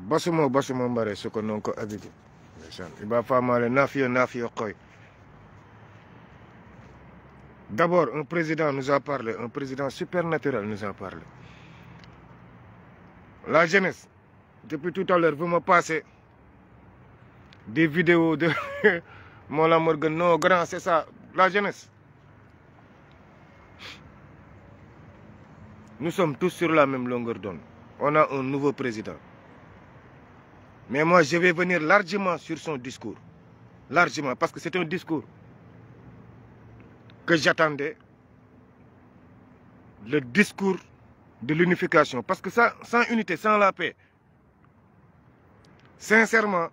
basumo basumo mbare soko non ko abidi ndeysaan iba famale nafiyo nafiyo koy d'abord un président nous a parlé un président supernaturel nous a parlé la jeunesse depuis tout à l'heure vous me passez des vidéos de Mollah Morgun non grand c'est ça la jeunesse nous sommes tous sur la même longueur d'onde on a un nouveau président Mais moi, je vais venir largement sur son discours. Largement, parce que c'est un discours que j'attendais. Le discours de l'unification. Parce que ça, sans unité, sans la paix, sincèrement,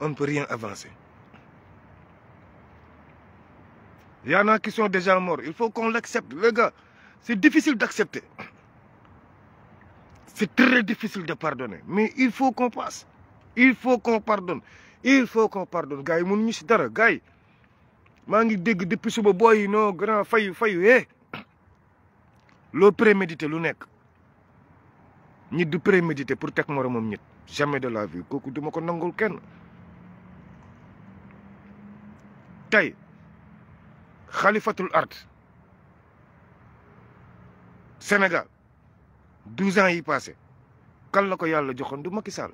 on ne peut rien avancer. Il y en a qui sont déjà morts. Il faut qu'on l'accepte. Les gars, c'est difficile d'accepter. c'est très difficile de pardonner mais il faut qu'on passe il faut qu'on pardonne il faut qu'on pardonne gars yi mënuñu si dara gars yi maa ngi dégg depuis suba booy noo non grand fayu fayu eh loo prémédité lu nekk nit du prémédité pour teg moromam nit jamais de la vie kooku duma ko nangul kenn tey xalifatul art Sénégal douze ans yi passé kan la ko yàlla joxoon du Macky Sall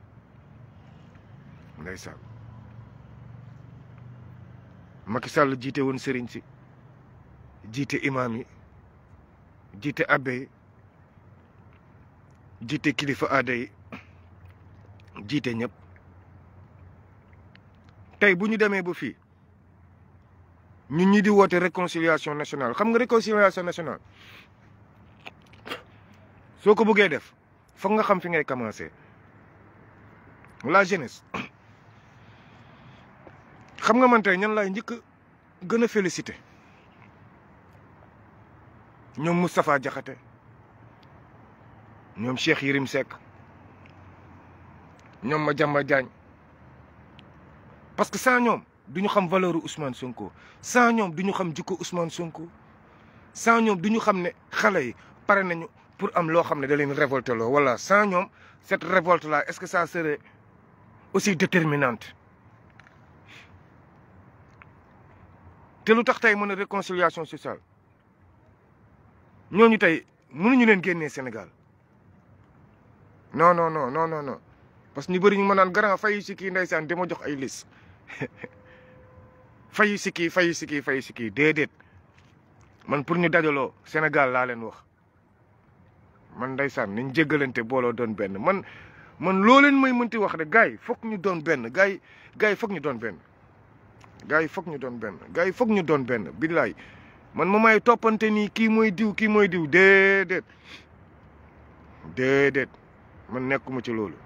ndeysaan Macky Sall jiite woon sëriñ si jiite imaam jiite abbé jiite kilifa aada jiite ñëpp tey bu ñu demee ba fii ñun ñi di woote réconciliation nationale xam nga réconciliation nationale soo ko bëggee def foog nga xam fi ngay commencé la jeunesse xam nga man tey ñan lay njëkk gën a félicité ñoom Moustapha Diakhaté ñoom Cheikh Yérim Seck ñoom Madiambal Diagne parce que sans ñoom duñu xam valeur Ousmane Sonko sans ñoom duñu xam jikko Ousmane Sonko sans duñu xam ne xale yi pare nañu pour am loo xam ne da leen révolté loo wala sans ñoom cette révolte la est-ce que ça serait aussi déterminante te lu tax tey mën a réconciliation sociale ñooñu tey mënuñu leen génnee Sénégal non non non non non non parce que ñu bëri ñu mën naan grand fayu si kii di ma jox ay lis fay si kii fayu si kii fayu si kii déedéet man pour ñu dajaloo Sénégal laa leen wax man ndeysaan nañ jéggalante booloo doon benn man man loo leen may mënti wax rek gars yi foog ñu doon benn gaay yi foog ñu doon benn. gars yi foog ñu doon benn gars yi foog ñu doon benn billaay man ma may toppante nii kii mooy diw kii mooy diw déedéet déedéet man nekkuma ci loolu.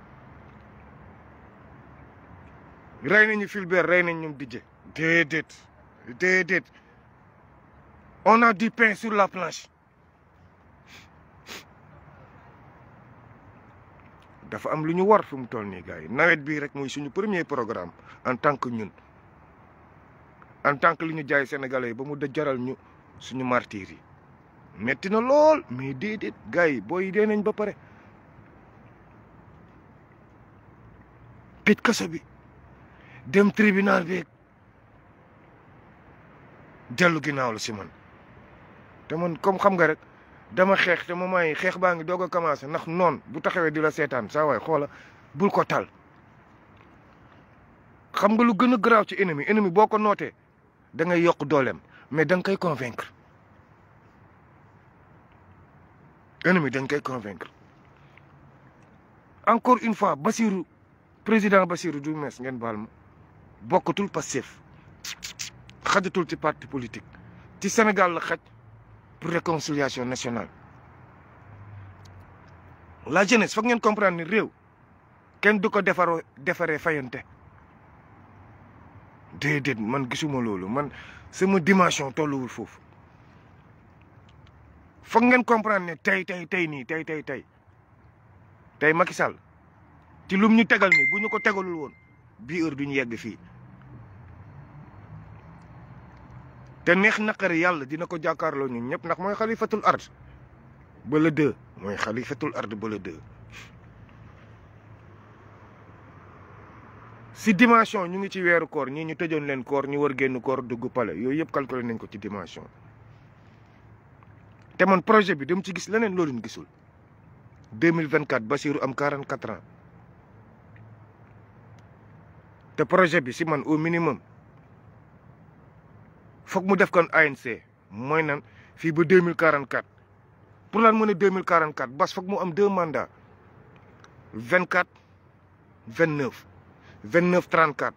rey nañu Fulbert rey nañ ñoom Didier déedéet déedéet on a du pain sur la planche. dafa am lu ñu war fi mu toll nii gars yi nawet bii rek mooy suñu premier programme en tant que ñun en tant que li ñu jaay sénégalais yi ba mu da jaral ñu suñu martyr yi metti na lool mais déedéet gars yi booy dee nañ ba pare tëj kaso bi dem tribunal beeg dellu ginnaaw la si man te man comme xam nga rek dama xeex te moment yi xeex baa ngi doog a commencé nax noon bu taxawee di la seetaan saa waay xoola bul ko tal xam nga lu gën a garaaw ci ennemi ennemi boo ko nootee da ngay yokk dooleem mais da nga koy convaincre ennemi da nga koy convaincre encore une fois Bassirou président Bassirou Diomaye ngeen baal ma bokkatul Pastef xajatul ci parti politique ci Sénégal la xaj réconciliation nationale la jeunesse foog ngeen comprendre ni réew kenn du ko defaroo defaree fayante déedéet man gisuma loolu man sama dimension tolluwul foofu foog ngeen comprendre ne tey tey tey nii tey tey tey tey Macky Sall ci lum ñu tegal nii bu ñu ko tegalul woon bi heure du ñu yegg fii te neex naqari yàlla dina ko jàkkaarloo ñu ñëpp ndax mooy xalifatul ard ba le deux mooy xalifatul ard ba le deux si dimension ñu ngi ci weeru koor ñii ñu tëjoon leen koor ñu war génn koor dugg pale yooyu yëpp calculé nañ ko ci dimension te man projet bi dem ci gis leneen loolu ñu gisul deux mille vingt quatre Bassirou am quarante quatre ans te projet bi si man au minimum foog mu def kon ANC mooy nan fii ba deux mille quarante quatre pour lan mu ne deux mille quarante quatre bas foog mu am deux mandats vingt quatre vingt neuf vingt neuf trente quatre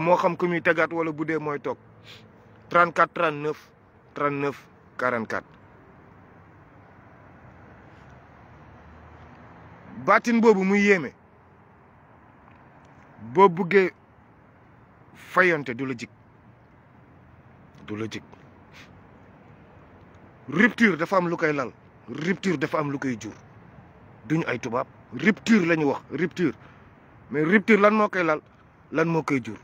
moo xam ku muy tegaat wala bu dee mooy toog trente quatre trente neuf trente neuf quarante quatre baatin boobu muy yéeme boo buggee fayonte du la jik du logique rupture dafa am lu koy lal rupture dafa am lu koy jur duñu ay tubaab rupture la ñu wax rupture mais rupture lan moo koy lal lan moo koy jur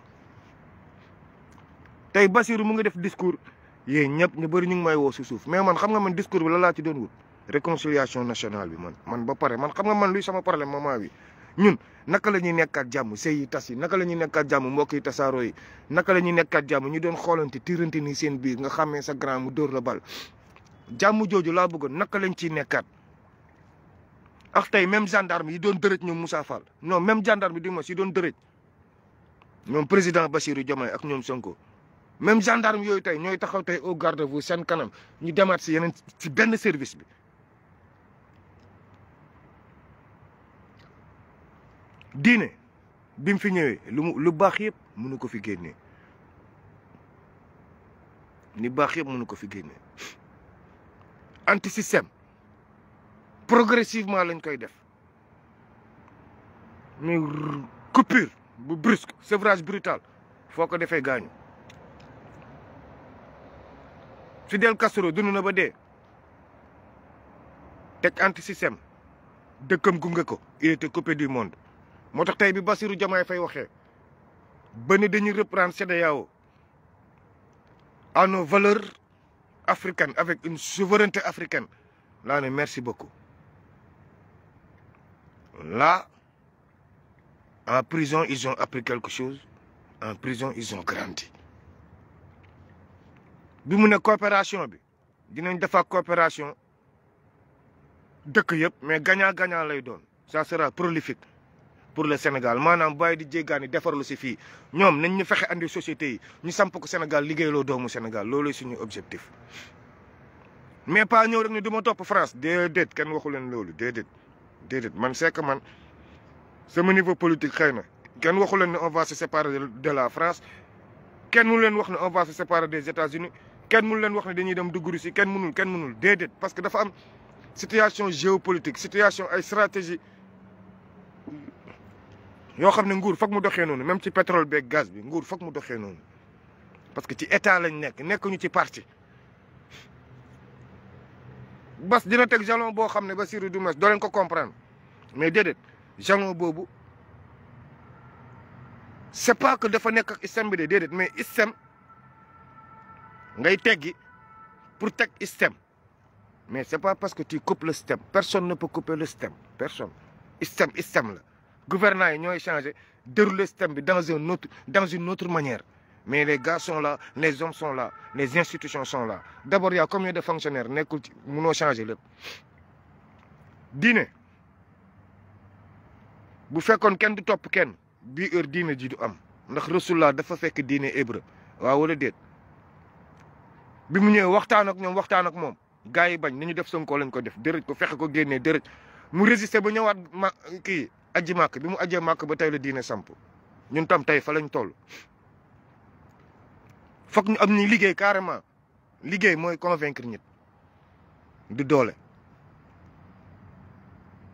tey Bassirou mu ngi def discours yéen ñëpp ñu bëri ñu ngi may woo si suuf mais man xam nga man discours bi la laa ci doon wut réconciliation nationale bi man man ba pare man xam nga man luy sama problème moment bi ñun naka la ñuy nekkaat jàmm sey yi tas yi naka la ñuy nekkaat jàmm mbokk yi tasaaroo yi naka la ñuy nekkaat jàmm ñu doon xoolante tirante ni seen biir nga xamee sa grand mu dóor la bal jàmm jooju laa bëggoon naka lañu ciy nekkaat ak tey même gendarme yi doon dërëj ñoom Moussa Fall non même gendarme di mos yi doon dërëj ñoom président Bassirou Diomaye ak ñoom Sonko même gendarme yooyu tey ñooy taxaw tey au garde à seen kanam ñu demaat si yeneen si benn service bi diine bi mu fi ñëwee lu lu baax yëpp mënu ko fi génne ni baax yëpp mënu ko fi génne anti système progressivement lañ koy def mais coupure bu brusque sevrage brutal foo ko defee gaañu Fidel Castro dund na ba dee teg anti système dëkkam gunge ko il était coupé du monde moo tax tey bi Bassirou Diomaye Faye waxee ba ne dañuy reprendre CEDEAO à nos valeurs africaines avec une souveraineté africaine laa ne merci beaucoup là en prison ils ont appris quelque chose en prison ils ont grandi bi mu ne coopération bi dinañ defa coopération dëkk yëpp mais gagnant-gagnant lay doon ça sera prolifique pour le Sénégal maanaam bàyyi di jéggaani defarlu si fii ñoom nañ ñu fexe andi société yi ñu samp ko Sénégal liggéeyloo doomu Sénégal loolu suñu objectif. mais pas ñëw rek ni du ma topp France déedéet kenn waxu leen loolu déedéet déedéet man c'est man sama niveau politique xëy na kenn waxu leen ne on va se séparer de la France kenn mënu leen wax ne on va se séparer des États-Unis kenn mënu leen wax ne dañuy dem dugg Russie kenn mënul kenn mënul déedéet parce que dafa am situation géopolitique situation ay stratégie. yoo xam ne nguur foog mu doxee noonu même ci pétrole beeg gaz bi nguur foog mu doxee noonu parce que ci état lañ nekk ñu ci parti bas dina teg jalon boo xam ne Bassirou du mes doo ko comprendre mais déedéet jalon boobu c'est pas que dafa nekk ak bi de déedéet mais système ngay teggi pour teg système mais c'est pas parce que tu coupes le système personne ne peut couper le système personne système système la gouvernants yi ñooy changé dérouler système bi dans un autre dans une autre manière mais les gars sont la les hommes sont la les institutions sont la d' abord y' a combien de fonctionnaires nekkul ci mënoo changé lépp diine bu fekkoon kenn du topp kenn bii heure diine ji du am ndax rasulullah dafa fekk diine hébreu waaw wala déet bi mu ñëwee waxtaan ak ñoom waxtaan ak moom gars yi bañ ni ñu def Sonko lañ ko def dërëj ko fexe ko génnee dërëj mu résister ba ñëwaat ma kii aji màkk bi mu ajee màkk ba tey la diine sampo ñun tam tey fa lañ toll ñu am ni liggéey carrément liggéey mooy convaincre nit du doole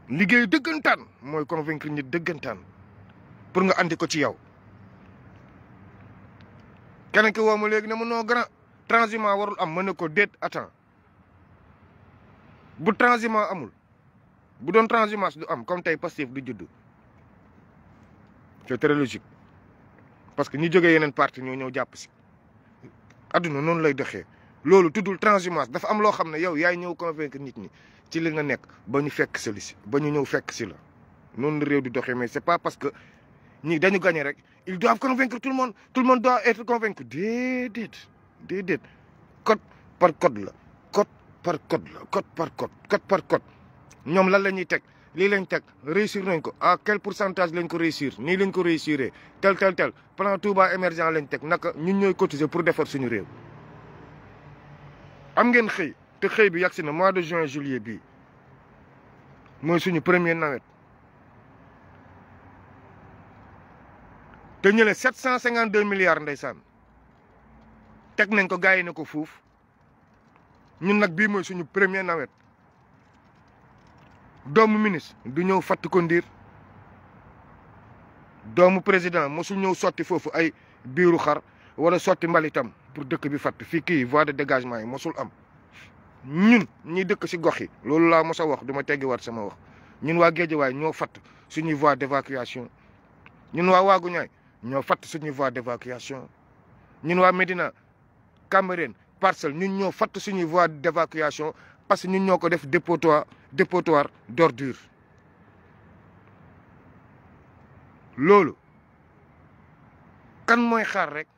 liggéey dëggantaan mooy convaincre nit dëggantaan pour nga andi ko ci yow keneen ki woo ma léegi ne ma noo grand transhumant warul am mën na ko déet attends bu transhumant amul bu doon transhumance du am comme tey Pastef du judd parce que ñu jógee yeneen parti ñoo ñëw jàpp si adduna noonu lay doxee loolu tuddul transhumance dafa am loo xam ne yow yaay ñëw convaincre nit ñi ci li nga nekk ba ñu fekk sa li ba ñu ñëw fekk si la noonu la réew di doxee mais c'est pas parce que ñii dañu gagné rek ils doivent convaincre tout le monde tout le monde doit être convaincu déedéet déedéet code par code la code par code la code par code code par code ñoom lan la ñuy teg lii lañ teg réussir nañ ko à ah, quel pourcentage lañ ko réussir nii lañ ko réussir tel tel tel ba Touba émergent lañ teg naka ñu ñooy cotiser pour defar suñu réew. am ngeen xëy te xëy bi yàgg si na mois de juin juillet bi mooy suñu premier nawet te ñu ne 752 milliards ndeysaan teg nañ ko gars yi ne ko fuuf ñun nag bi mooy suñu premier nawet. doomu ministre du ñëw fatt ko ndiir doomu président mosul ñëw sotti foofu ay biiru xar wala sotti mbalitam pour dëkk bi fatt fii kii voie de dégagement yi mosul am ñun ñi dëkk si gox yi loolu laa mos a wax du ma war sama wax ñun waa Géejawaay ñoo fatt suñuy voie d'évacuation ñun waa Waagu Ñaay ñoo fatt suñuy voie d'évacuation ñun waa Médina Cambérène Parcelles ñun ñoo fatt suñuy voie d'évacuation parce que ñun ñoo ko def dépotoir dépotoir d'ordures loolu kan mooy xaar rek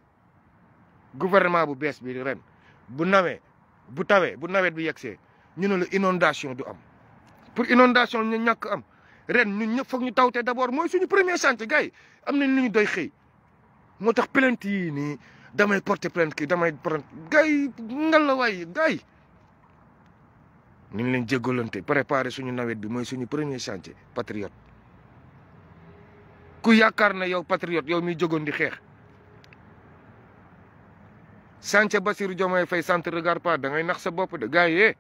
gouvernement bu bees bi ren bu nawee bu tawee bu nawet bi yegsee ñu ne la inondation du am pour inondation ñu ñàkk am ren ñun ñëpp foog ñu tawte d'abord mooy suñu premier chantier gars am nañ lu ñu doy xëy moo tax plainte yii nii damay porter plainte kii damay porter gars yi ngal la waay gars niñ leen jéggalante préparer suñu nawet bi mooy suñu premier chantier patriote ku yaakaar na yow patriot yow miy jógoon di xeex chantier Bassirou Diomaye Faye sant regarde pas da ngay nax sa bopp de gars yi eh,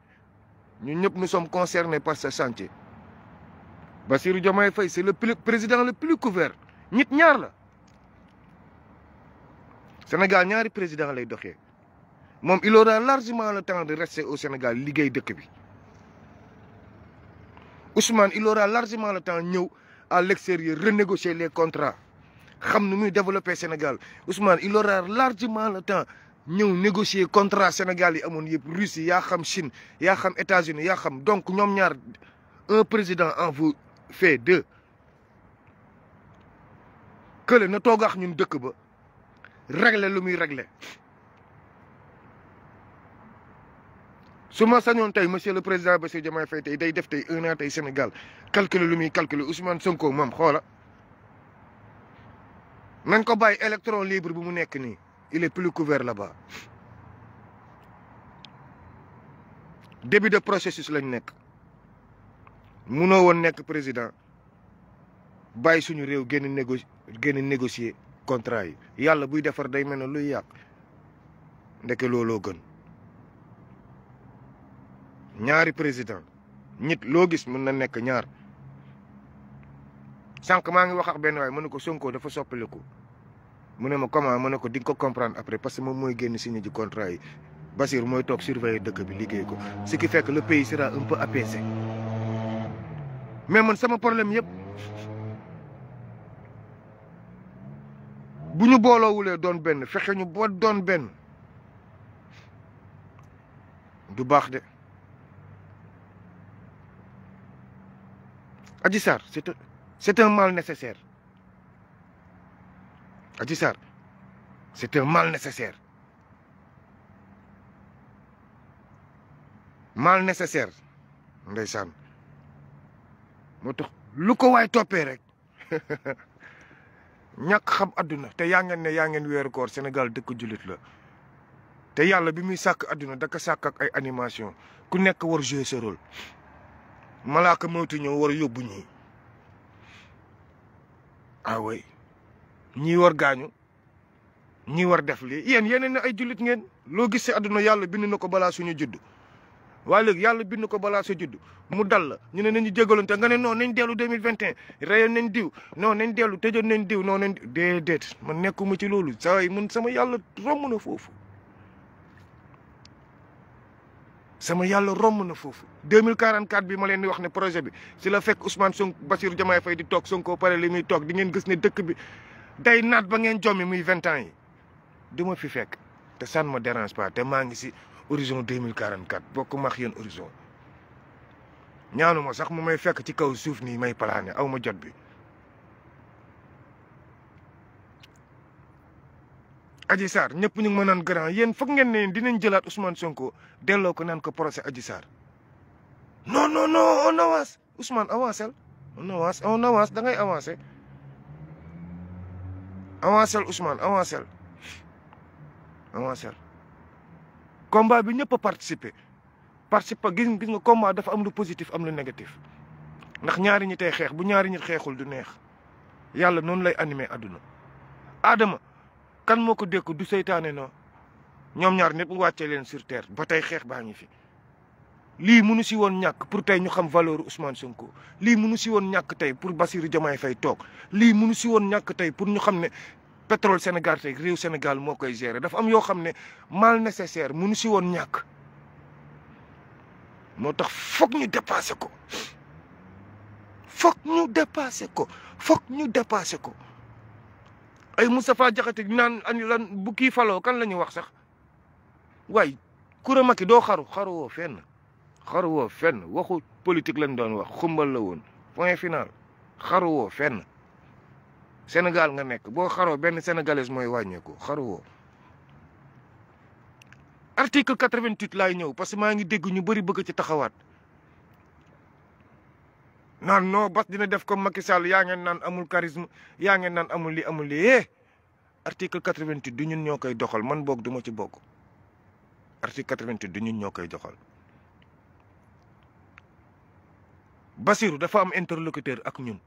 ñun ñëpp nous sommes concernés par ce chantier Bassirou Diomaye fay c'est le plus président le plus couvert nit ñaar la Sénégal ñaari président lay doxee moom il aura largement le temps de rester au Sénégal liggéey dëkk bi Ousmane il aura largement la temps ñëw à l'extérieur renégocier les contrats xam nu muy développer Sénégal Ousmane il aura largement la temps ñëw négocier contrat Sénégal yi amoon yëpp Russie yaa xam Chine yaa xam États-Unis yaa xam donc ñoom ñaar un président en vous fait deux kële na toogax ñun dëkk ba réglé lu muy régler su ma sañoon tey monsieur le président Bassirou Diomaye Faye tey day def tey un an tey Sénégal lu muy calculer Ousmane Sonko moom xoola nañ ko bàyyi électron libre bu mu nekk nii il est plus couvert là-bas début de processus lañ nekk munoo woon nekk président bàyyi suñu réew génn négo génn négocier contrat yi yàlla buy defar day mel ne luy yàq ndeke looloo gën ñaari président nit loo gis mën na nekk ñaar sànq maa ngi wax benn waaye mu ne ko Sonko dafa soppaliku mu ne ma comment mu ne ko di ko comprendre après parce que moom mooy génn signé ji contrat yi Basir mooy toog surveiller dëkk bi liggéey ko si qui fekk que le pays sera un peu apaisé mais man sama problème yëpp bu ñu booloowulee doon benn fexe ñu boo doon benn du baax de. Adji Sarr c'est un c'est un mal nécessaire Adji Sarr c'est un mal nécessaire mal nécessaire ndeysaan moo tax lu ko waay toppee rek ñàkk xam adduna te yaa ngeen ne yaa ngeen weeru koor Sénégal dëkk jullit la te yàlla bi muy sàkk àdduna daka sàkk ak ay animation ku nekk war jouer sa rôle malaaka moytu ñëw war a yóbbu ñii ah ñii war gaañu ñii war def lii yéen yeneen ne ay jullit ngeen loo gis si àdduna yàlla bind na ko balaa suñu judd waaye léegi yàlla bind ko balaa sa juddu mu dal la ñu ne nañu jégalante nga ne non nañ dellu deux mille vingt et un reyoon nañ diw non nañ dellu joon nañ diw non nañ déedéet man nekkuma ci loolu saa yi mun sama yàlla romb na foofu sama yàlla romb na foofu 2044 bi ma leen di wax ne projet bi si la fekk Ousmane Sonko Bassirou Diomaye fay di toog son Sonko pare li muy toog di ngeen gis ne dëkk bi day naat ba ngeen jommi muy vingt ans yi du ma fi fekk te ça ne me dérange pas te maa ngi si horizon 2044 bokk ma yéen horizon ñaanu ma sax mu may fekk ci kaw suuf nii may plané aw ma jot bi Adji Sarr ñëpp ñu ngi ma naan grand yéen foog ngeen ne dinañ jëlaat Ousmane Sonko delloo ko naan ko procès Adji Sarr non non non on avance Ousmane avancé on avance on avance da ngay avancé avancé Ousmane avancé avancé combat bi ñëpp a participé participer gis gis nga combat dafa am lu positif am lu négatif ndax ñaari ñi xeex bu ñaari ñi xeexul du neex yàlla noonu lay animé àdduna Adama kan moo ko dékk du seytaane non ñoom ñaar ñëpp wàcce leen sur terre tey xeex baa ngi fi. lii mënu si woon ñàkk pour tey ñu xam valeur Ousmane Sonko lii mënu si woon ñàkk tey pour Bassirou Diomaye Faye toog lii mënu si woon ñàkk tey pour ñu xam ne pétrole Sénégal tey Sénégal moo koy gérer dafa am yoo xam ne mal nécessaire mënu si woon ñàkk. moo tax foog ñu dépassé ko foog ñu dépassé ko foog ñu dépassé ko. ay Moustapha Diakhaté naan ani lan bu faloo kan la ñuy wax sax way Coura Macky doo xaru xaru woo fenn xaru woo fenn waxu politique lañ doon wax xumbal la woon point final xaru woo fenn Sénégal nga nekk boo xaroo benn sénégalais mooy wàññeeku xaru woo article 88 laay ñëw parce que maa ngi dégg ñu bari bëgg ci taxawaat naan no bas dina def comme Macky Sall yaa ngeen naan amul charisme yaa ngeen naan amul li amul li eh article 88 du ñun ñoo koy doxal man boog du ma ci bokk article 88 du ñun ñoo koy doxal. Bassirou dafa am interlocuteur ak ñun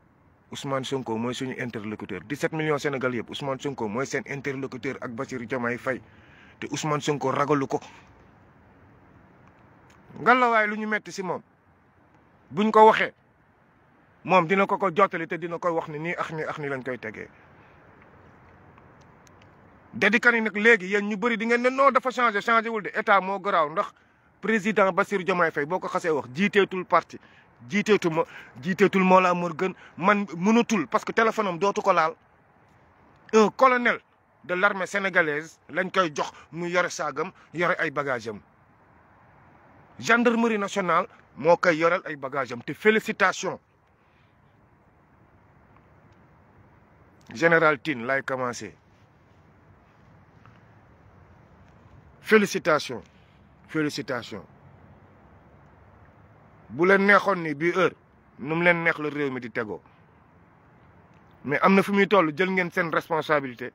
Ousmane sunkoo mooy suñu interlocuteur 17 millions Sénégal yëpp Ousmane Sonko mooy seen interlocuteur ak Bassirou Diomaye fay te Ousmane Sonko ragalu ko. ngalawaay lu ñu metti si moom buñ ko waxee. moom dina ko ko jottali te dina koy wax ni nii ak nii ak nii lañ koy tegee. Daddy Kane nag léegi yéen ñu bëri di ngeen ne noo dafa changé changé wul de état moo garaaw ndax président ba sir Diomaye Faye boo ko xasee wax jiiteetul parti jiiteetu ma jiiteetul Mollah Morgun man mënatul parce que téléphone am dootu ko laal un de l'armée sénégalaise lañ koy jox mu yore saagam yore ay bagage am gendarmerie nationale moo koy yoreel ay bagage am te félicitation général tin lay commencé félicitation félicitations bu leen neexoon ni bii heure nu leen neex la réew mi di tego mais am na fu muy toll jël ngeen seen responsabilité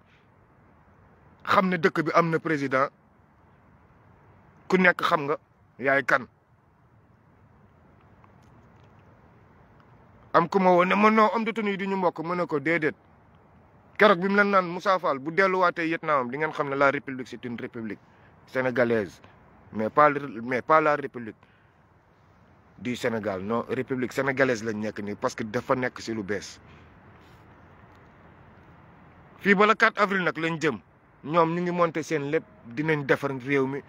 xam ne dëkk bi am na président ku nekk xam nga yaay kan. am ku ma woo ne ma non homme de tenue du ñu mbokk ma ne ko déedéet. keroog bi mu leen naan Moussa Fall bu delluwaatee Vietnam di ngeen xam ne la république c'est une république sénégalaise mais pas mais pas la république du Sénégal non république sénégalaise lañ nekk nii parce que dafa nekk si lu bees. fii ba la 4 avril nag lañ jëm ñoom ñu ngi monter seen lépp dinañ defar réew mi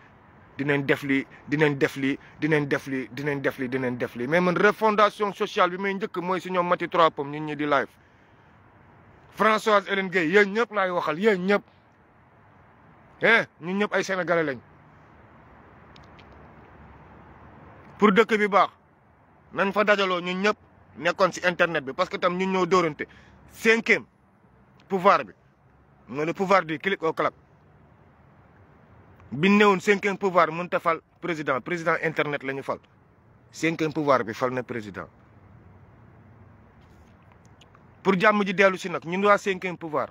dinañ def lii dinañ def lii dinañ def lii dinañ def lii dinañ def lii mais man refondation sociale bi may njëkk mooy si ñoom Mati Trois Pommes ñun ñi di live Françoise Hélène Guèye ñëpp laay waxal yéen ñëpp eh ñun ñëpp ay sénégalais lañ pour dëkk bi baax nañ fa dajaloo ñun ñëpp nekkoon si internet bi parce que tam ñu ñoo dóorante cinquième pouvoir bi mooy le pouvoir du clic au clap bi néewoon cinquième pouvoir mënut a fal président président internet la ñu fal cinquième pouvoir bi fal na président. pour jàmm ji dellu si nag ñun waa cinquième pouvoir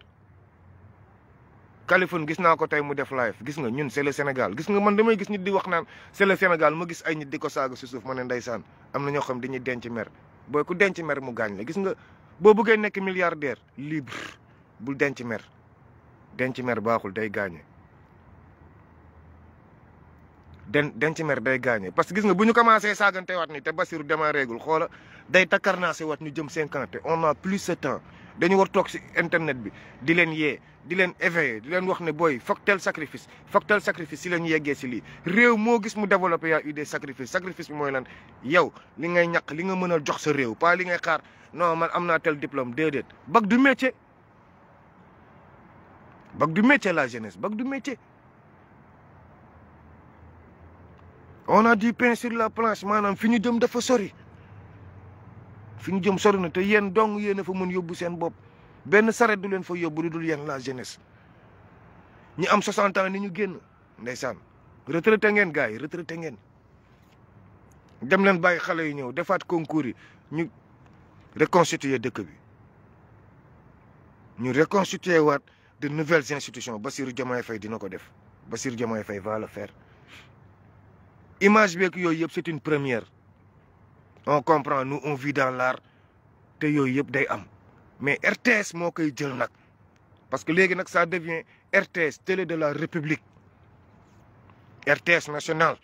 Kaliphone gis naa ko tey mu def live gis nga ñun c'est le Sénégal gis nga man damay gis nit di wax naan c'est le Sénégal ma gis ay nit di ko saaga si suuf ma ne ndeysaan am na ñoo xam dañuy denc mer boo ku denc mer mu gaañ la gis nga boo bëggee nekk milliardaire libre bul denc mer denc mer baaxul day gaañe den denc mer day gaañe parce que gis nga bu ñu commencé saagante wat ni te Bassirou démarré gul xoola day naa si wat ñu jëm cinquante on a plus ce temps dañu war toog si internet bi di leen yee di leen éveiller di leen wax ne booy foog tel sacrifice foog tel sacrifice si la ñu yeggee si lii réew moo gis mu développé yaa eu des sacrifices sacrifice mooy lan yow li ngay ñàkk li nga mën a jox sa réew pas li ngay xaar non man am naa tel diplôme déedéet bag du métier bac du métier la jeunesse bag du métier on a du pain sur la planche maanaam fi ñu jëm dafa sori fi ñu jëm sori na te yéen dong yéen a fa mun yóbbu seen bopp benn saret du leen fa yóbbu lu dul yéen la jeunesse ñi am 60 ans ni ñu génn ndeysaan retraité ngeen gars yi retraité ngeen dem leen bàyyi xale yi ñëw defaat concours yi ñu reconstituer dëkk bi ñu reconstituer waat de nouvelles ba Bassirou Diomaye Faye dina ko def Bassirou Diomaye Faye va le faire image beeg yooyu yëpp c'est une première on comprend nu on vit laar te yooyu yëpp day am mais RTS moo koy jël nag parce que léegi nag ça devient RTS tele de la république RTS national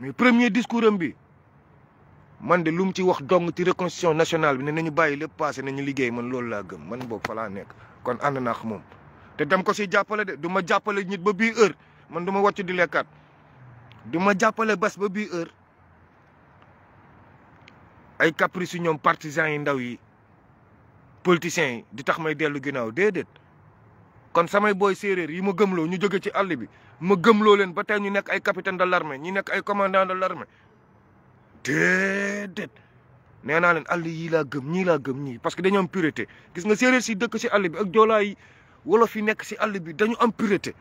mais premier discours am bi man de lu mu ci wax dong ti reconstitution national bi ne nañu bàyyi lépp passé nañu liggéey man loolu laa gëm man boobu falaa nekk kon ànd naa moom te dem ko si jàppale de du ma jàppale ñit ba bii heure man du ma di lekkaat du ma jàppale bas ba bii heure ay caprice ñoom partisans yi ndaw yi politiciens yi di tax may dellu ginnaaw déedéet kon samay booy séeréer yi ma gëmloo ñu jóge ci àll bi ma gëmloo leen ba tey ñu nekk ay capitaine de l'armée ñu nekk ay commandant de l'armée déedéet nee naa leen àll yii laa gëm ñii laa gëm ñii parce que dañu am pureté gis nga séeréer si dëkk si àll bi ak joolaa yi wolof yi nekk si àll bi dañu am pureté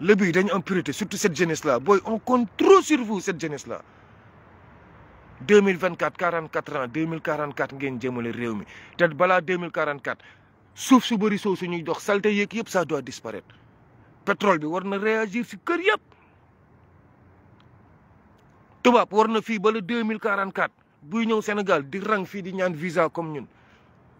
lébu yi dañu am pureté surtout cette jeunesse là booy on compte trop sur vous cette jeunesse deux mille vingt quatre quarante quatre ans deux mille quarante quatre ngeen jëmale réew mi te balaa deux mille quarante quatre suuf su bëri soo suñuy dox salte yeeg yëpp ça doit disparaître pétrole bi war na réagir si kër yëpp. tubaab war na fii ba le deux mille quarante quatre buy ñëw Sénégal di rang fii di ñaan visa comme ñun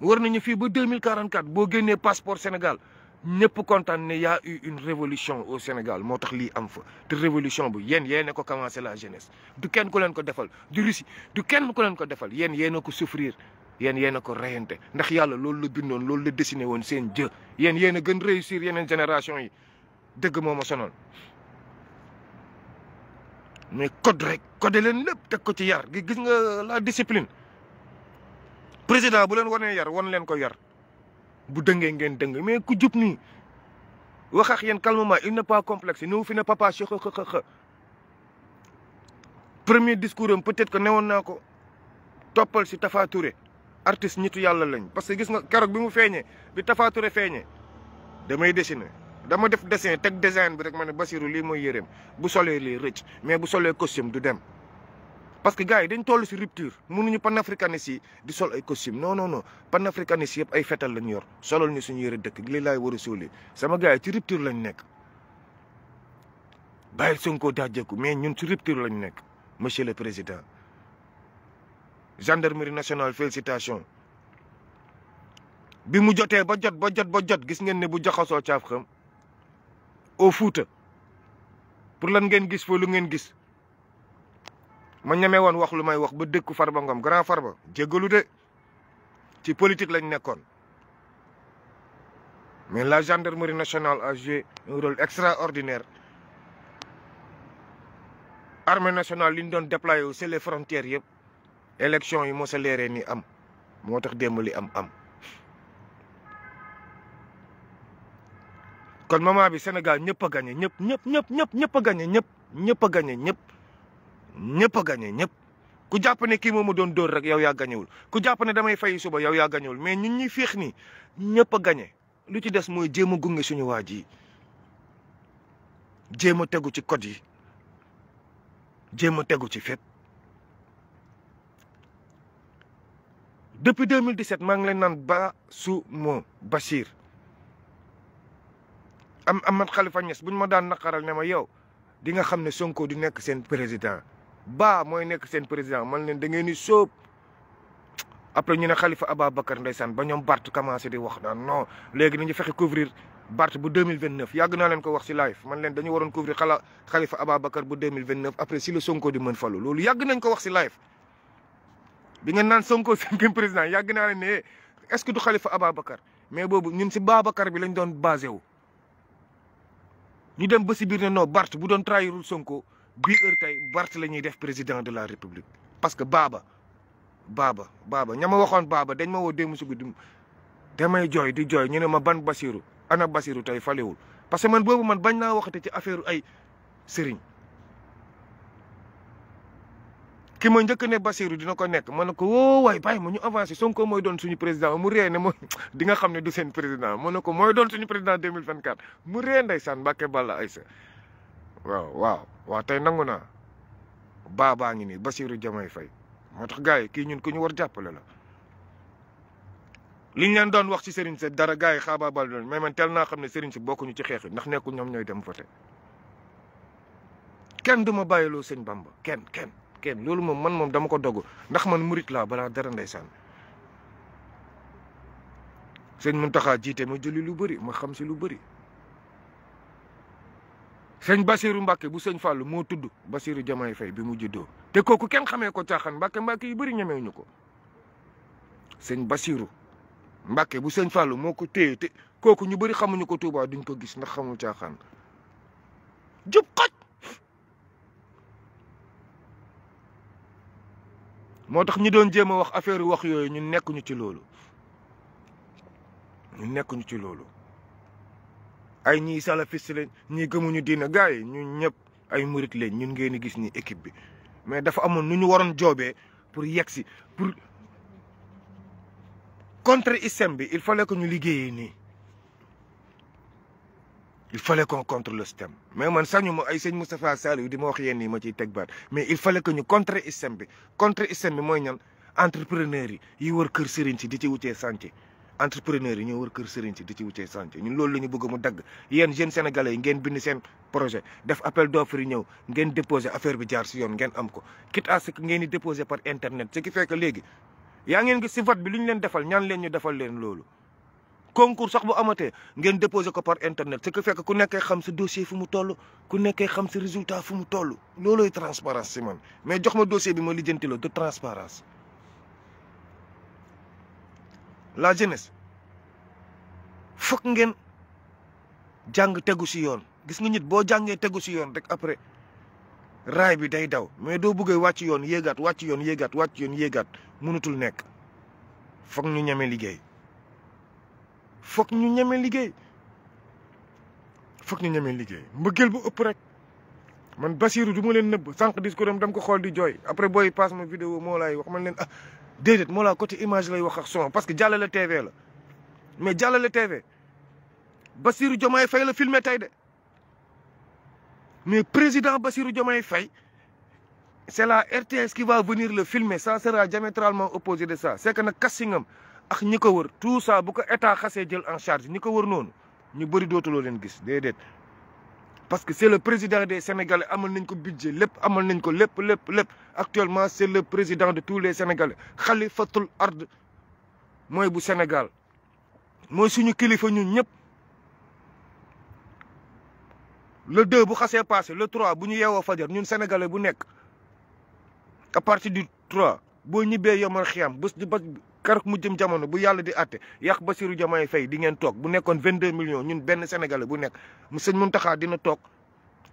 war nañu fii ba deux mille quarante quatre boo génnee passeport Sénégal. ñëpp kontaan ne y eu une révolution au Sénégal moo tax lii am fa te révolution bu yéen yéen a ko commencé la jeunesse du kenn ku leen ko defal du Russie du kenn ku leen ko defal yéen yéen a ko souffrir yéen yéen a ko reyante ndax yàlla loolu la bindoon loolu la dessiné woon seen jë yéen yéen gën réussir yeneen génération yi dëgg moo ma sonal mais code rek code leen lépp teg ko ci yar gi gis nga la discipline président bu leen wanee yar wan leen ko yar bu dëngee ngeen dëng mais ku jub nii wax ak yéen calmement il n'est pas complexe ñëw fi ne papa Cheikh xëxëxë premier discours am peut-être que newoon naa ko toppal si Tafa Touré artiste ñitu yàlla lañ parce que gis nga keroog bi mu feeñee bi Tafa Touré feeñee damay dessiner dama def dessin teg design bi rek ma ne Basirou li mooy yéreem bu solee lii rëcc mais bu solee costume du dem parce que gars yi dañ toll si rupture mënuñu panafricanistes yi di sol ay costume non non non panafricanistes yëpp ay fetal lañ yor solal ñu suñu yëre dëkk li laay war a sóolee sama gars yi ci rupture lañ nekk bàyyil Sonko daajeeku mais ñun ci rupture lañ nekk monsieur le président gendarmerie nationale félicitation bi mu jotee ba jot ba jot ba jot gis ngeen ne bu jaxasoo caaf xam au Fouta pour lan ngeen gis foo lu ngeen gis ma ñeme woon wax lu may wax ba dëkku Farba Ngom grand Farba jéggalu de ci politique lañ nekkoon mais la gendarmerie nationale a joué un rôle extraordinaire armée nationale li ñu doon déployé wu c'est les frontières yëpp élection yi moo sa leeree ni am moo tax démb am am kon moment bi Sénégal ñëpp a gagné ñëpp ñëpp ñëpp ñëpp ñëpp a gagné ñëpp ñëpp a ñëpp ñëpp a gagné ñëpp ku jàpp ne kii moom ma doon dóor rek yow yaa gañewul ku jàpp ne damay fay suba yaw yaa gañewul mais ñu ñuy féex nii ñëpp a gagné lu ci des mooy jéem a gunge suñu waa ji jéem a tegu ci code yi jéem a tegu ci fépp. depuis 2017 maa ngi leen naan ba su moo Bachir am Ahmed Khalifa Niass buñ ma daan naqaral ne ma yow di nga xam ne Sonko di nekk seen président. baa mooy nekk seen président man leen da ngeen di sóob après ñu ne Khalifa Ababacar ndeysaan ba ñoom Bart commencé di wax no non léegi nañu fexe couvrir Bart bu deux mille vingt neuf yàgg naa leen ko wax si live man leen dañu waroon couvrir xala Khalifa Ababacar bu deux mille vingt neuf après si la Sonko di mën falu loolu yàgg ko wax si live bi nga naan Sonko cinquième président yàgg naa leen ne est-ce que du Khalifa Ababacar mais boobu ñun si Babacar bi lañ doon basé wu. ñu dem ba si biir ne no barte bu doon trahirul Sonko. bii heure tey Barth la ñuy def président de la république parce que baaba baaba baaba ña ma waxoon baaba dañ ma woo démb si guddi damay jooy di jooy ñu ne ma ban Basiru ana Basiru tey falewul parce que man boobu man bañ naa waxate ci affaire ay sëriñ ki ma njëkk ne Basiru dina ko nekk ma ne ko woo waay bàyyi ma ñu avancé Sonko mooy doon suñu président mu ree ne mooy di nga xam ne du seen président ma ne ko mooy doon suñu président 2024 mu ree saan bake bala ay waaw waaw waaw tey nangu naa baa baa ngi nii Bassirou Diomaye Faye moo tax gaa yi kii ñun ku ñu war jàppale la liñ ñaan doon wax ci Serigne si dara gaa yi xaabaabal doon mais man teel naa xam ne Serigne si ñu ci xeex yi ndax nekkul ñoom ñooy dem voté kenn du ma bàyyiloo sëñ Bamba kenn kenn kenn loolu moom man moom dama ko dogg ndax man murit laa balaa dara ndeysaan sëñ Mountakha jiite ma julli lu bari ma xam si lu bari sëñ Bassirou Mbacke bu sëñ Fallou moo tudd Bassirou Diomaye Faye bi mu juddoo te kooku kenn xamee ko caaxaan Mbacke yi bari ñemee ñu ko sëñ Bassirou Mbacke bu sëñ Fallou moo ko téye te kooku ñu bëri xamuñu ko Touba duñ ko gis ndax xamu caaxaan jub xoj moo tax ñu doon jéem a wax affaire wax yooyu ñu nekkuñu ci loolu ñu nekkuñu ci loolu ay ñii salafiste lañ ñii gëmuñu diina gars yi ñu ñëpp ay murit lañ ñun ngeen di gis ni équipe bi mais dafa amoon nu ñu waroon joobee pour yegg si pour contre système bi il fa que ñu liggéeyee nii il fallait qu'on contre le système mais man sañu ma ay sëñ Moustapha Sall yu di ma wax yenn yi ma ciy teg baat mais il fallait que ñu contre système bi contre système bi mooy ñan entrepreneur yi yi war kër sëriñ si di ci wutee santé entrepreneurs yi ñoo war kër sëriñ si di ci wuccee chantier ñu loolu la ñu bëgg mu dagg yéen jeunes sénégalais yi ngeen bind seen projet def appel d'offre yi ñëw ngeen déposé affaire bi jaar si yoon ngeen am ko quitte à ce ngeen di déposé par internet ce qui fekk que léegi yaa ngeen gis si vote bi lu ñu leen defal ñan leen ñu defal leen loolu concours sax bu amatee ngeen déposé ko par internet ce qui fait que ku nekkee xam sa dossier fu mu toll ku nekkee xam sa résultat fu mu toll looloy transparence si man mais jox ma dossier bi ma lijjanti la la jeunesse fokk ngeen jàng tegu si yoon gis nga nit boo jàngee tegu si yoon rek après raay bi day daw mais doo bëggee wàcc yoon yéegaat wàcc yoon yéegaat wàcc yoon yéegaat mënutul nekk foog ñu ñeme liggéey foog ñu ñeme liggéey foog ñu ñeme liggéey mbëggeel bu ëpp rek man Basiirou du ma leen nëbb sànq discours am dam ko xool di jooy après booy passe ma vidéo moo laay wax man leen ah déedéet moo laa image lay wax ak son parce que jàllale TV la mais jàllale TV Bassirou Diomaye Faye la filmé tey de mais président Bassirou Diomaye Faye c' est la RTS qui va venir le filmer ça sera diamétralement opposé de ça c' est que nag kasingam ak ñi ko wër tout ça bu ko état xasee jël en charge ñi ko wër noonu ñu bëri dootuloo leen gis déedéet. parce que c'est le président des Sénégalais amal nañ ko budget lépp amal nañ ko lépp lépp lépp actuellement c'est le président de tous les Sénégalais xalifatul ard mooy bu Sénégal mooy suñu kilifa ñun ñëpp le deux bu xasee passé le trois bu ñu yeewoo fajar ñun sénégalais bu nekk à partir du trois boo ñibbee yomal xiyam bés di ba kar mu jëm jamono bu yàlla di àtte yàq Bassirou Diomaye Faye di ngeen toog bu nekkoon 22 millions ñun benn sénégalais bu nekk mu sëñ Mountakha dina toog.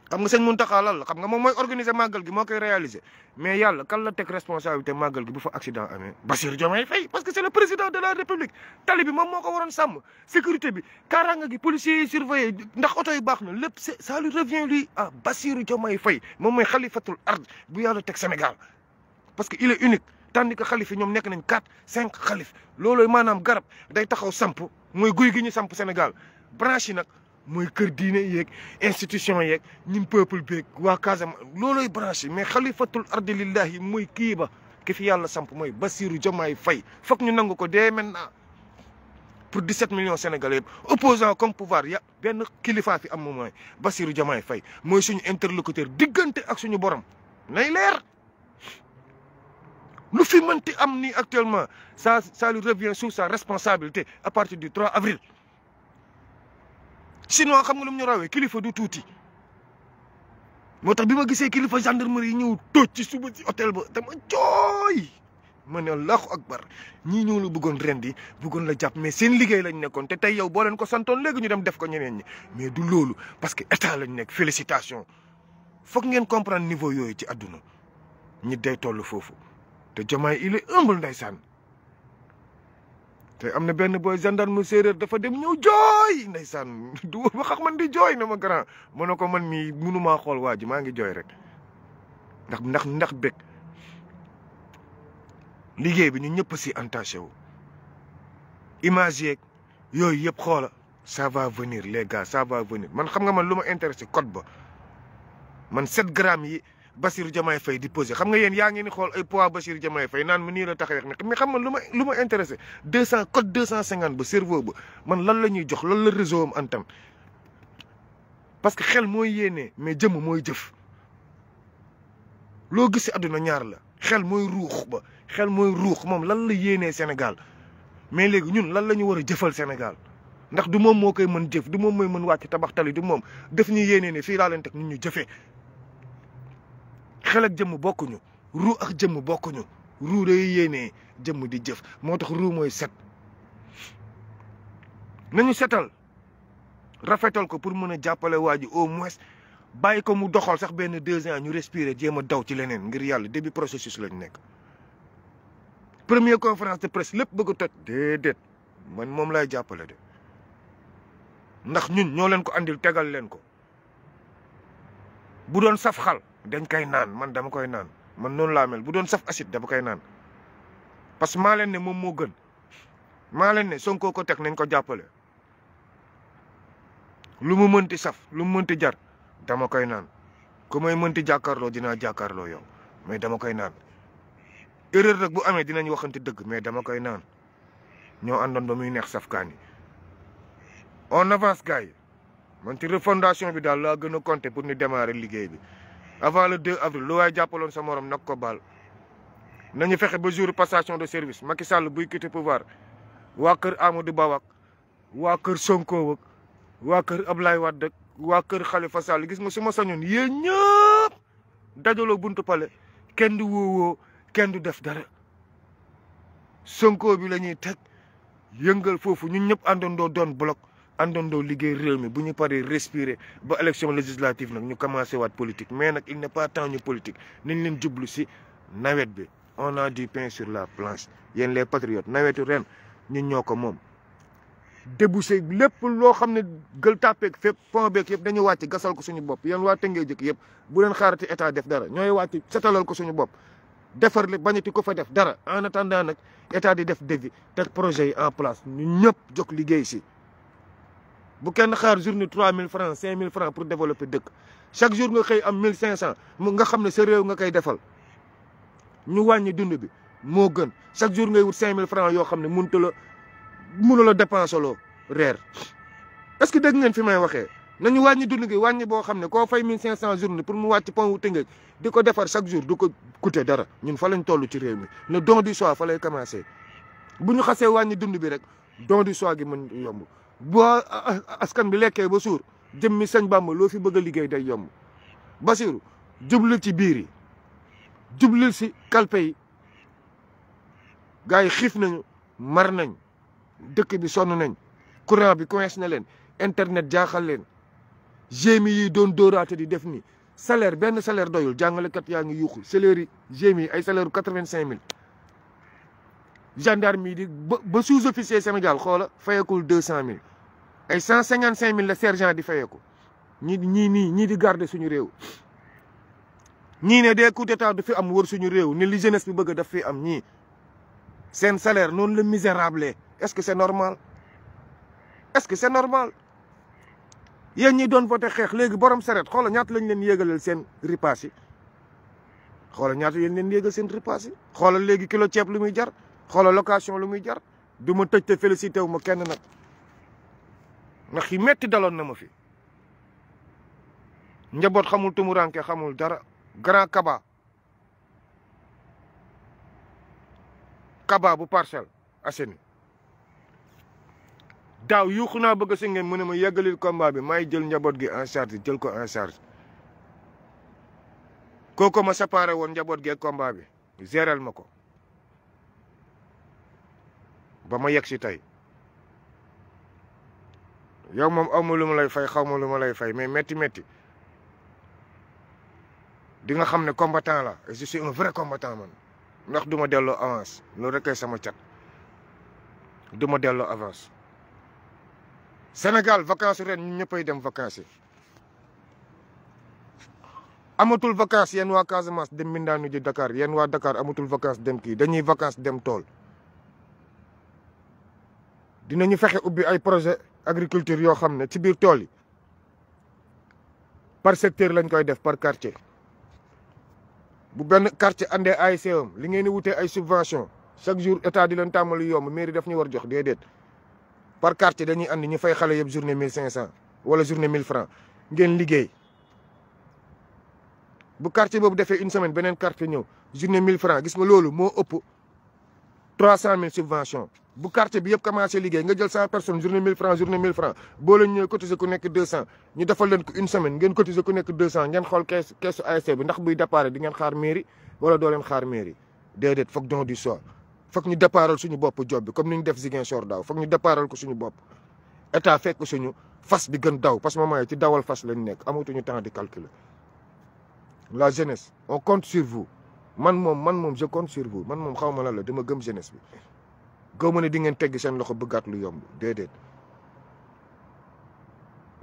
xam nga sëñ Mountakha lan la xam nga moom mooy organiser màggal gi moo koy réaliser mais yàlla kan la teg responsabilité màggal gi bu fa accident amee Bassirou Diomaye Faye parce que c'est le moo ko waroon sécurité bi kaaraanga gi policiers yi surveillé ndax oto yi baax na lépp c'est ça lui revient lui à Bassirou moom mooy xalifatul ard bu yàlla teg Sénégal parce que il est unique tandis que xalif yi ñoom nekk nañ quatre cinq xalif loolooy maanaam garab day taxaw samp mooy guy gi ñu samp Sénégal branche yi nag mooy kër diine yeeg institution yeeg ñun peuple beeg waa Casamance loolooy branche yi mais xalifatul ardi lillahi mooy kii ba ki fi yàlla samp mooy Bassirou Diomaye fay foog ñu nangu ko dee maintenant pour 17 millions sénégalais yëpp opposant comme pouvoir ya benn kilifa fi am mooy Bassirou Diomaye Faye mooy suñu interlocuteur diggante ak suñu borom lu fi mënti am nii actuellement ça ça lui revient sur sa responsabilité à partir du 3 avril sinon xam nga lu mu ñu rawee kilifa du tuuti moo tax bi ma gisee kilifa gendarmerie yi ñëw tóoj ci suba ci hôtel ba dama jooy ma ne allahu akbar ñii ñoo la bëggoon rendi bëggoon la jàpp mais seen liggéey lañ nekkoon te tey yow boo leen ko santoon léegi ñu dem def ko ñeneen ñi mais du loolu parce que état lañu nekk félicitation foog ngeen comprendre niveau yooyu ci àdduna ñi day toll foofu te Diomaye il est humble ndeysaan te am na benn booy gendarme séeréer dafa dem ñëw jooy ndeysaan du ba man di jooy na ma grand ma ne ko man mii mënumaa xool waa ji maa ngi jooy rek ndax ndax ndax bég liggéey bi ñu ñëpp si entaché wu image yeeg yooyu yëpp xool ça va venir les gars man xam nga man lu ma intéressé code ba man 7 grammes yi Bassirou Diomaye Faye di posé xam nga yéen yaa ngi ni xool ay poids Bassirou Diomaye Faye naan mu nii la taxawee ne mais xam nga lu ma lu ma intéressé deux cent code deux cent cinquante ba cerveau ba man lan la ñuy jox lan la réseau am antan parce que xel mooy yéene mais jëmm mooy jëf loo gis si àdduna ñaar la xel mooy ruux ba xel mooy ruux moom lan la yéenee Sénégal mais léegi ñun lan la ñu war a jëfal Sénégal ndax du moom moo koy mën jëf du moom mooy mën wàcc tabax tali du moom def ñu yéenee ne fii laa leen teg ñun xel ak jëmm bokkuñu ruu ak jëmm bokkuñu ruu day yéenee jëmm di jëf moo tax ruu mooy set nañu setal rafetal ko pour mën a jàppale waa ji au moins bàyyi ko mu doxal sax benn deux ans ñu respirer jéem a daw ci leneen ngir yàlla début processus lañ nekk. premier conférence de presse lépp bëgg a toj déedéet man moom laay jàppale de ndax ñun ñoo leen ko andil tegal leen ko bu doon saf xal. dañ koy naan man dama koy naan man noonu laa mel bu doon saf acide dama koy naan parce que maa leen ne moom moo gën maa leen ne Sonko ko teg nañ ko jàppale lu mu mënti saf lu mu mënti jar dama koy naan ku may mënti jàkkaarloo dinaa jàkkaarloo yow mais dama koy naan erreur nag bu amee dinañ waxante dëgg mais dama koy naan ñoo àndoon ba muy neex safkaan yi on avance gars yi man ci refondation bi daal laa gën a compter pour ñu démarrer liggéey bi avant le 2 avril lu waay jàppaloon sa morom nak ko baal nañu fexe ba jour passation de service Macky Sall buy quitté pouvoir waa kër Amadou Ba ak waa kër Sonko ak waa kër Ablaye Wade ak waa kër Khalifa Sall gis ma su ma sañoon yéen ñëpp dajaloo buntu pale kenn du woowoo kenn du def dara Sonko bi la ñuy teg yëngal foofu ñun ñëpp àndandoo doon bloc. àndandoo liggéey réew mi bu ñu paree respirer ba élection législative nag ñu commencé waat politique mais nag il n'est pas temps ñu politique nañ leen jublu si nawet bi on a du pain sur la place yéen les patriotes nawetu ren ñu ñoo ko moom. débouché lépp loo xam ne gël tàppeeg fépp pont beek yëpp dañu wàcc gasal ko suñu bopp yéen waa Tëngéej jëkk yëpp bu leen xaarati état def dara ñooy wàcc setalal ko suñu bopp. defar li bañati ko fa def dara en attendant nag état di def devis teg projet en place ñu ñëpp jóg liggéey si. bu kenn xaar journée trois mille francs cinq mille francs pour développer dëkk chaque jour nga xëy am mille cinq cent mu nga xam ne sa réew nga koy defal ñu wàññi dund moo gën chaque jour nga wut cinq mille francs yoo xam ne mënut la mënul a dépenser loo reer est-ce que dégg ngeen fi may waxee nañu wàññi dund gi wàññi boo xam ne koo fay mille cinq cent journée pour mu wàcc pont wu Tëngéej di ko defar chaque jour du ko coûter dara ñun fa lañ tollu ci réew mi le don du soi fa lay bu ñu xasee wàññi dund bi rek don du soi gi mën yomb boo askan bi lekkee ba suur jëmmi sëñ Bàmba loo fi bëgg a liggéey day yomb Basiru jublil ci biir yi jublil si kalpe yi gars yi xiif nañu mar nañ dëkk bi sonn nañ courant bi coince na leen internet jaaxal leen gémi yi doon dóoraate di def ni salaire benn salaire doyul jàngalekat yaa ngi yuuxu salaire yi ay salaire quatre vingt cinq mille gendarme yi di ba ba sous-officier Sénégal xoola fayekul deux cent mil ay cent cinquante cinq mille la sergent di fayeku ñi ñii nii ñii di garder suñu réew ñii ne des coups d'état du fi am wër suñu réew ni li jeunesse bi bëgg daf fi am ñii seen salaire noonu la misérable est-ce que c'est normal est-ce que c'est normal yéen ñi doon voté xeex léegi borom saret xoola ñaata lañ leen yéegalal seen ripaas xoola ñaata lañ leen yéegal seen ripaas yi xoola léegi kilo ceeb lu muy jar xoola location lu muy jar du ma tëj te félicité wu ma kenn nag ndax yi metti daloon na ma fi njaboot xamul tumuraanke xamul dara grand kaba kaba bu Parcelles Assainies daaw yuuxu naa bëgg si ngeen mu ne ma yeggalil combat bi may jël njaboot gi en charge jël ko en charge kooku ma sapare woon njaboot gi ak combat bi géral ma ko ba ma yegg si tey yow moom awma lay fay xaw ma lu ma lay fay mais métti métti di nga xam ne combattant la et je suis un vrai combattant man ndax du ma delloo avance loolu rek sama cat du ma delloo avance Sénégal vacances ren ñun ñëppay dem vacances yi amatul vacances yéen wa Casamance dem mbindaanu ji Dakar yéen waa dakaar amatul vacances dem kii dañuy vacances dem tool dina ñu fexe ubbi ay projet agriculture yoo xam ne ci biir tool yi par secteur lañ koy def par quartier bu benn quartier andee ay e am li ngeen di wutee ay subvention chaque jour état di leen tàmmalu yomb mairie def ñu war jox déedéet par quartier dañuy andi ñu fay xale yëpp journée mille cinq cent wala journée mille francs ngeen liggéey bu quartier boobu defee une semaine beneen quartier ñëw journée mille francs gis nga loolu moo ëpp trois cent mille subvention bu quartier bi yëpp commencé liggéey nga jël cent personnes journée mille francs journée mille francs boo leen ñëwee cotiser ku nekk deux cent ñu defal leen ko une semaine ngeen cotiser ku nekk deux cent ngeen xool kees keesu ASC bi ndax buy départ di ngeen xaar mairie wala doo xaar mairie déedéet foog don du sort foog ñu départal suñu bopp job bi comme ni ñu def Ziguinchor daaw foog ñu départal ko suñu bopp état fekk suñu fas bi gën daw parce que moment ci dawal fas lañ nekk amatuñu temps di la jeunesse on compte sur vous man moom man moom je compte sur man moom xawma ma la la dama gëm jeunesse bi gëw ma ne di ngeen tegg seen loxo bëggaat lu yomb déedéet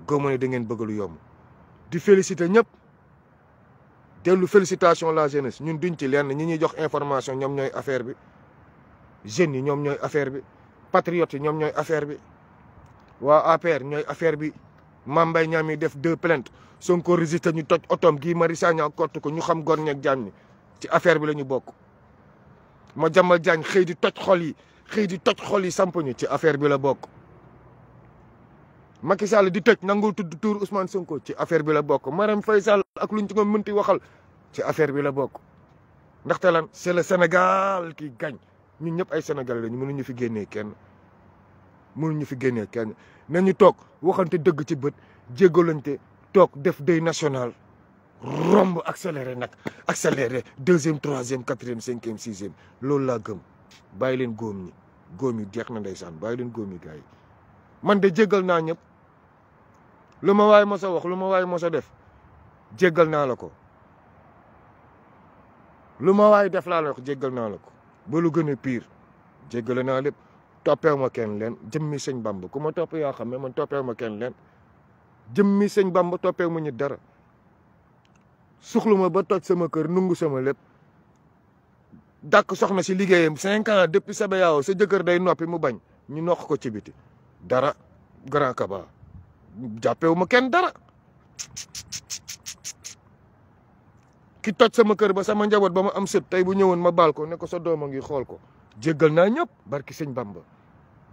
gëw ma ne di ngeen bëgg lu yomb di féliciter ñëpp dellu félicitation la jeunesse ñun duñ ci lenn ñi ñuy jox information ñoom ñooy affaire bi jeunes yi ñoom ñooy affaire bi patriotes yi ñoom ñooy affaire bi waa APR ñooy affaire bi Mame Mbaye Niang mi def deux plaintes Sonko résisté ñu toj otoom gii Mari Sagna kott ko ñu xam gor ñeeg jaam ñi ci affaire bi lañu ñu bokk Madiambal Diagne xëy di toj xol yi xëy di toj xol yi samp ci affaire bi la bokk Macky Sall di toj nangul tudd tuur Ousmane Sonko ci affaire bi la bokk Marème Faye Sall ak luñ ci nga mënti waxal ci affaire bi la bokk ndaxte lan c'est le Sénégal qui gagne ñun ñëpp ay Sénégalais lañu mënuñu fi génnee kenn mënuñu fi génne kenn ñu toog waxante dëgg ci bët jéggalante toog def deuil national romb accéléré nag accéléré deuxième troisième quatrième cinquième sixième loolu laa gëm bàyyi leen góom ñi góom ñi jeex na ndeysaan bàyyi leen góom yi gars man de jéggal naa ñëpp lu ma waay mos a wax lu ma waay mos a def jéggal naa la ko lu ma waay def laa la wax jéggal naa la ko ba lu gën a piir jéggale naa lépp toppeewu ma kenn leen jëmmi sëñ Bamba ku ma topp yaa xam ne man toppeewu ma kenn leen jëmmi sëñ Bamba toppeewu ma ñu dara suxlu ma ba toj sama kër nungu sama lépp dàkk soxna si liggéeyam cinq ans depuis sa bayaaw sa jëkkër day noppi mu bañ ñu noq ko ci biti dara grand kaba jàppewu ma kenn dara ki toj sama kër ba sama njaboot ba ma am sët tey bu ñëwoon ma baal ko ne ko sa doom a ngi xool ko jéggal naa ñëpp barki sëñ Bamba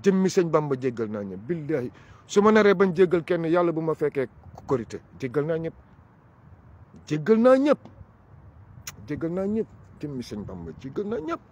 jëmmi sëñ Bamba jéggal naa ñëpp billahi su ma naree bañ jéggal kenn yàlla bu ma fekkee korité jéggal naa ñëpp jéggal naa ñëpp jéggal naa ñëpp jëmmi sëñ Bamba jéggal naa ñëpp